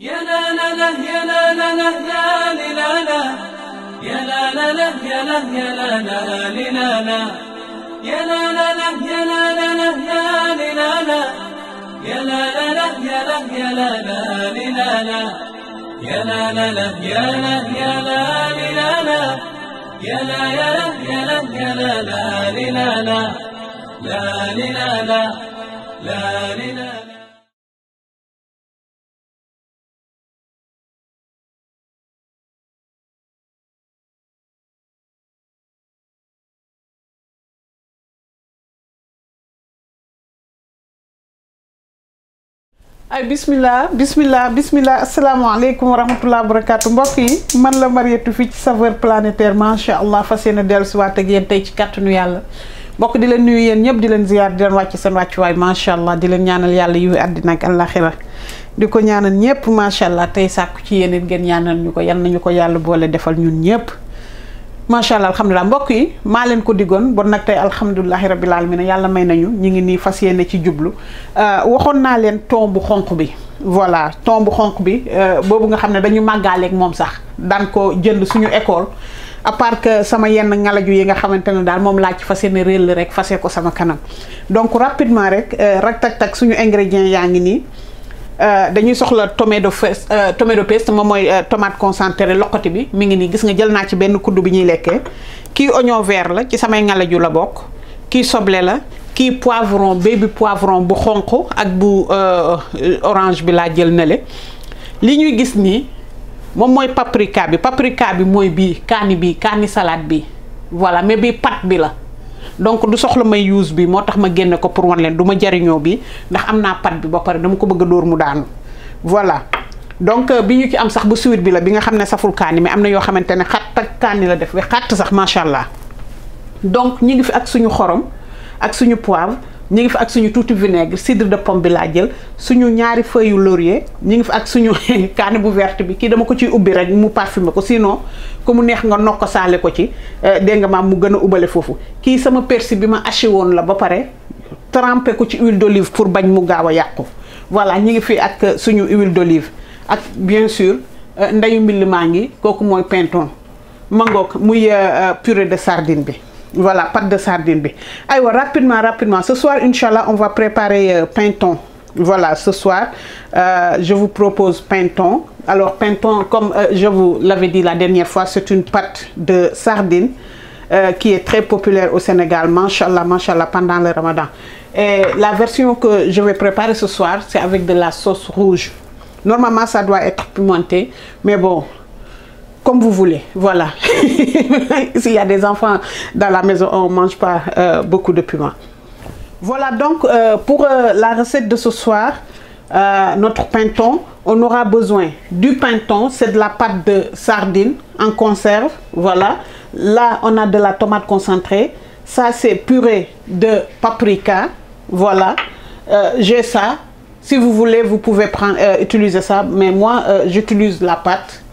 يا لا لا لا يا لا لا لا لا لا لا يا لا لا لا يا لا يا لا لا لا لا يا لا لا لا يا لا لا لا لا لا لا يا لا لا لا يا لا يا لا لا لا لا يا لا لا لا يا لا يا لا لا لا يا لا يا لا يا لا يا لا لا لا لا لا لا لا لا لا ay bismillah bismillah bismillah asalaamaaleykum wa rahmatullah wa barakaatu mbokk yi man la Mariétou fii ci saveur planétaire macha allah fas yéene dellusiwaat ak yéen tey ci kàttanu yàlla mbokk di leen nuyu yéen ñëpp di leen ziyaar di leen wàcc seen wàccuwaay macha allah di leen ñaanal yàlla yu àddina ak àllaaxira di ko ñaanal ñëpp macha allah tey sàkku ci yéen it ngeen ñaanal ñu ko yal nañu ko yàlla boole defal ñun ñëpp. macha allah alhamdulilah mbokk yi maa leen ko diggoon bon nag tey alhamdulilahi rabil alamina yàlla may nañu ñu ngi nii fas yéene ci jublu euh, waxoon naa leen ton bu xonq bi voilà ton bu xonq bi euh, boobu nga xam ne dañu màggaaleek moom sax daan ko jënd suñu école à que sama yenn ngalaju yi nga xamante ne daal moom laaj ci fas yéene réel rek fase ko sama kanam donc rapidement rek euh, rak tak suñu ingrédients yaa ngi nii Euh, dañuy soxla tomato de fes euh, tomato de paste moom mooy euh, tomate concentré loqati bi mi ngi ni gis nga jël na ci benn kuddu bi ñuy lekkee ki oignon vert la ci samay ngalaju la bokk ki soble la ki poivron baby poivron bu xonko ak bu orange bi la jël nale li ñuy gis ni mom moy paprika bi paprika bi moy bi kaani bi kaani salade bi voilà mais bi pat bi la donc du soxla may use bi moo tax ma génne ko pour wan leen du ma jariñoo bi ndax am naa pat bi ba pare dama ko bëgg dóor mu daanu voilà donc euh, bi ñu ci am sax bu suite bi la bi nga xam ne saful kaani mais am na yoo xamante ne xatt ak kaani la def we xatt sax macha allah donc ñu ngi fi ak suñu xorom ak suñu poivre ñu ngi fi ak suñu tuuti vinaigre cidre de pomme bi laa jël suñu ñaari feuilles yu ñu ngi fa ak suñu kaani bu verte bi kii dama ko ciy ubbi rek mu parfumé ko sinon ku mu neex nga nokk ko saale ko ci euh, dégg maam mu gën a ubale foofu kii sama persil bi ma haché woon la ba pare trempé ko ci huile d'olive pour bañ mu gaaw a yàqu voilà ñu ngi fi ak suñu huile d'olive ak bien sûr euh, ndeyu mbill maa ngi kooku mooy pinton mangook muy euh, purée de sardine bi voilà pâte de sardine bi rapidement rapidement ce soir inchallah on va préparer euh, pinton voilà ce soir euh, je vous propose pinton alors pinton comme euh, je vous l'avais dit la dernière fois c'est une pâte de sardine euh, qui est très populaire au Sénégal manchallah manchallah pendant le ramadan et la version que je vais préparer ce soir c'est avec de la sauce rouge normalement ça doit être pimenté mais bon comme vous voulez. Voilà. S'il y a des enfants dans la maison, on mange pas euh, beaucoup de piment. Voilà donc euh, pour euh, la recette de ce soir, notre pinton, on aura besoin du pinton, c'est de la pâte de sardine en conserve, voilà. Là, on a de la tomate concentrée, ça c'est purée de paprika, voilà. J'ai ça, si vous voulez, vous pouvez prendre, utiliser ça, mais moi j'utilise la pâte,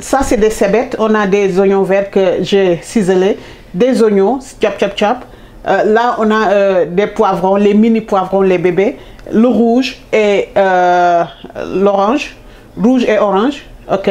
ça c'est des cébettes. On a des oignons verts que j'ai ciselés, des oignons, chop chop chop. Euh, là, on a euh, des poivrons, les mini poivrons, les bébés, le rouge et euh, l'orange, rouge et orange, ok.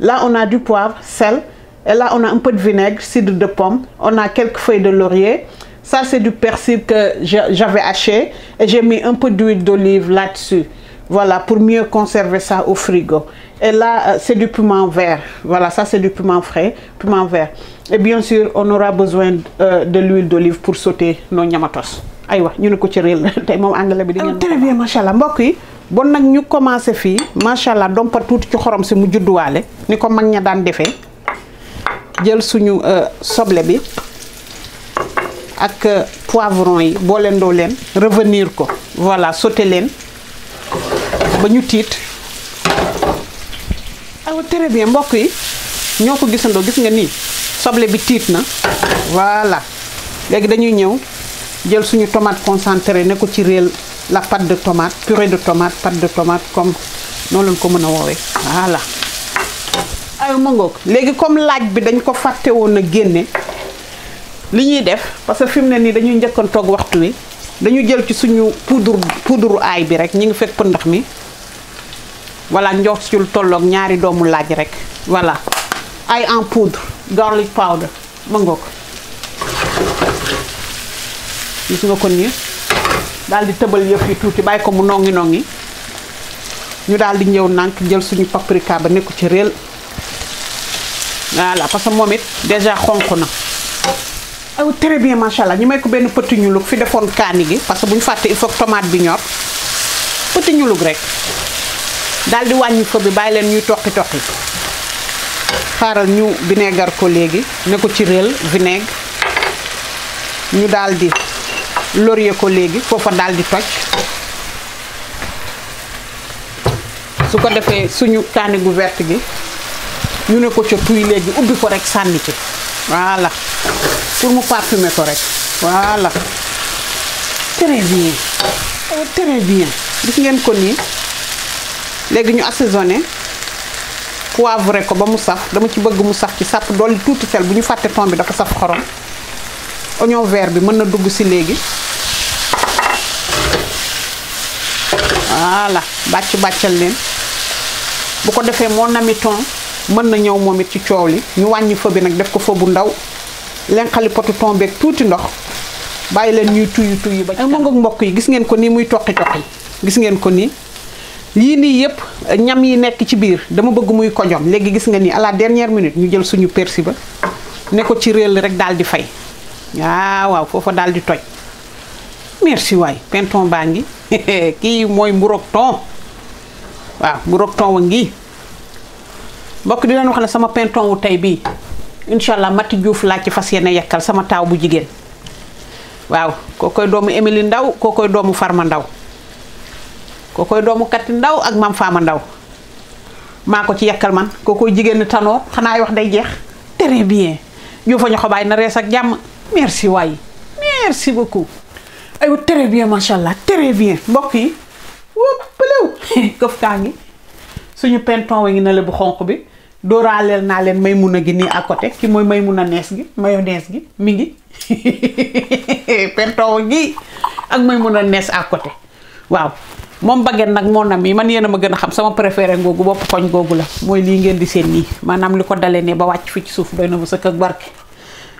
Là, on a du poivre, sel, et là, on a un peu de vinaigre, cidre de pomme, on a quelques feuilles de laurier. Ça, c'est du persil que j'avais haché et j'ai mis un peu d'huile d'olive là-dessus voilà, pour mieux conserver ça au frigo. Et là, euh, c'est du piment vert. Voilà, ça c'est du piment frais, piment vert. Et bien sûr, on aura besoin euh, de l'huile d'olive pour sauter nos nyamatos. aywa ñu ne ko ci réel tey moom bi. Ah, très bien machallah. mbokk yi. bon nous ñu commencé fii macha Donc dompa tuuti ci xorom si mu judduwaale ni ko mag ña daan defee jël suñu euh, soble bi ak poivron yi revenir ko voilà sauter l'en. ba ñu tiit awa ah, très bien mbokk yi ñoo ko gisandoo gis nga nii soble bi tiit na voilà léegi dañuy ñëw jël suñu tomate concentré ne ko ci réel la pâte de tomate purée de tomate pâte de tomate comme noonu lañ ko mën a woowe voilà ay ma ngoog léegi comme laaj bi dañ ko fàtte woon a génne li ñuy def parce que fi mu ne nii dañuy njëkkoon toog waxtu wi dañu jël ci suñu poudre poudre aay bi rek ñi ngi fekk pëndax mi voilà njox ci lu tolloog ñaari doomu laaj rek voilà ay en poudre garlic powder mën nga ko gis nga ko nii daal di tëbal yëf yi tuuti bàyyi ko mu nongi nongi ñu daal di ñëw nànk jël suñu paprika ba nekku ci réel voilà parce que moom it déjà xonq na aw oh, très bien macha allah ñu may ko benn petit ñulug fi defoon kaani gi parce que bu ñu fàtte il faut tomate bi ñor petit ñulug rek daal di wàññi bi bàyyi leen ñuy toqi toqi xaaral ñu vinaigre ko léegi ne ko ci réel vinaigre ñu daal di ko léegi foofa daldi di toj su ko defee suñu kaani gu vert gi ñu ne ko ca tuy léegi ubbi ko rek sànni ci voilà pour mu parfumer ko rek voilà très bien oh, très bien gis ngeen ko nii léegi ñu assaisonné poivré ko ba mu saf dama ci bëgg mu saf ci sàpp dolli tuuti sel bu ñu fàtte thon bi dafa saf xorom oignon vert bi mën na dugg si léegi voilà bàcc bàccal leen bu ko defee moo ami thon mën na ñëw moom it ci coow li ñu wàññi fa bi nag def ko fa bu ndaw lenqali potu thon beek tuuti ndox bàyyi leen ñuy tuyi tuyi ba. ci kanam mbokk yi gis ngeen ko nii muy toqi toqi gis ngeen ko nii. yi ni yep eh, ñam yi nekk ci biir dama bëgg muy koñom légui gis nga ni à la dernière minute ñu jël suñu persi ba ne ko ci réel rek dal di fay waaw fofu dal di toj merci way penton bangi, ki moy mooy ton waaw mburog ton wangi. bokk di leen wax sama penton wu tay bi inshallah mati diouf la ci fasiyene yakal sama taw bu jigen waaw kokoy doomu emily ndaw kokoy doomu farma ndaw koo kookoy doomu katti ndaw ak maam faama ndaw maa ko ci yekkal man koo kookoy jigéen xanaa xanaay wax day jeex très bien juufa ñu xobaay na rees ak jàmm merci waay merci beaucoup aywa très bien macha allah très bien mbokk yi wóop pëlew këf kaa ngi suñu penton wa ngi na la bu xonq bi dooraaleel naa leen may Maymuna gi nii à côté ki mooy may mun a nees gi mayonnaise gi mi ngi penton wa gi ak Maymuna nees à côté waaw moom baguette nag moo nam yi man yéen a ma gën a xam sama préféré googu bopp koñ googu la mooy lii ngeen di seen nii maanaam li ko dalee ne ba wàcc fii ci suuf doy na bu sëkk ak barke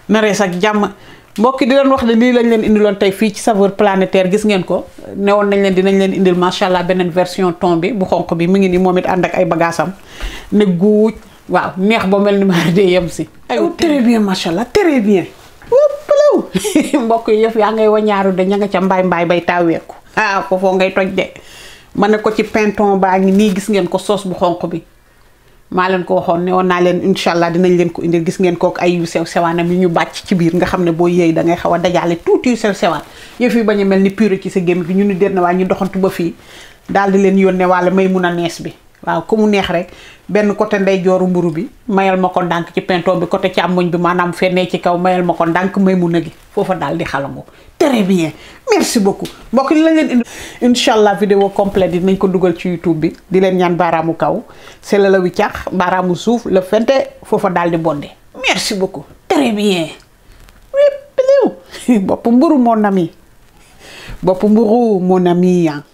narees ak jàmm mbokki di leen wax ne lii lañ leen indiloon tey fii ci saveur planétaire gis ngeen ko newoon nañ leen dinañ leen indil macha allah beneen version ton bi bu xonq bi mu ngi nii moom it ànd ak ay bagaasam ne guuj waaw neex ba mel ni ma dee yem si. aywa oh, très bien macha allah très bien. mbokk yi yëf yaa ngay wañaaru de ña nga ca mbaay mbaay bay taaweeku. ah foofoo ngay toj de ma ne ko ci pinton baa ngi nii gis ngeen ko soos bu xonq bi maa leen ko waxoon ne woon naa leen incha allah dinañ leen ko indi gis ngeen kook ay yu sew sewaanam yu ñu bàcc ci biir nga xam ne boo yëy da ngay a dajaale tuuti yu sew sewaan yëf yi bañ a mel ni purée ci sa gémmi bi ñu ni dénn waa ñu doxantu ba fii daal di leen yónne walla may mun a nees bi waaw ku mu neex rek benn côté ndey jooru mburu bi mayal ma ko ndànk ci pinto bi côté càmmoñ bi maanaam fennee ci kaw mayal ma ko ndànk may mun a gi foofa daal di xalangu très bien merci beaucoup mbokk li la leen indi incha allah vidéo complète yi nañ ko dugal ci youtube bi di leen ñaan baaraamu kaw sela la wiccax baaraamu suuf la fente foofa daal di bonde merci beaucoup très bien wépp liw bopp mburu mon ami bopp mburu mon ami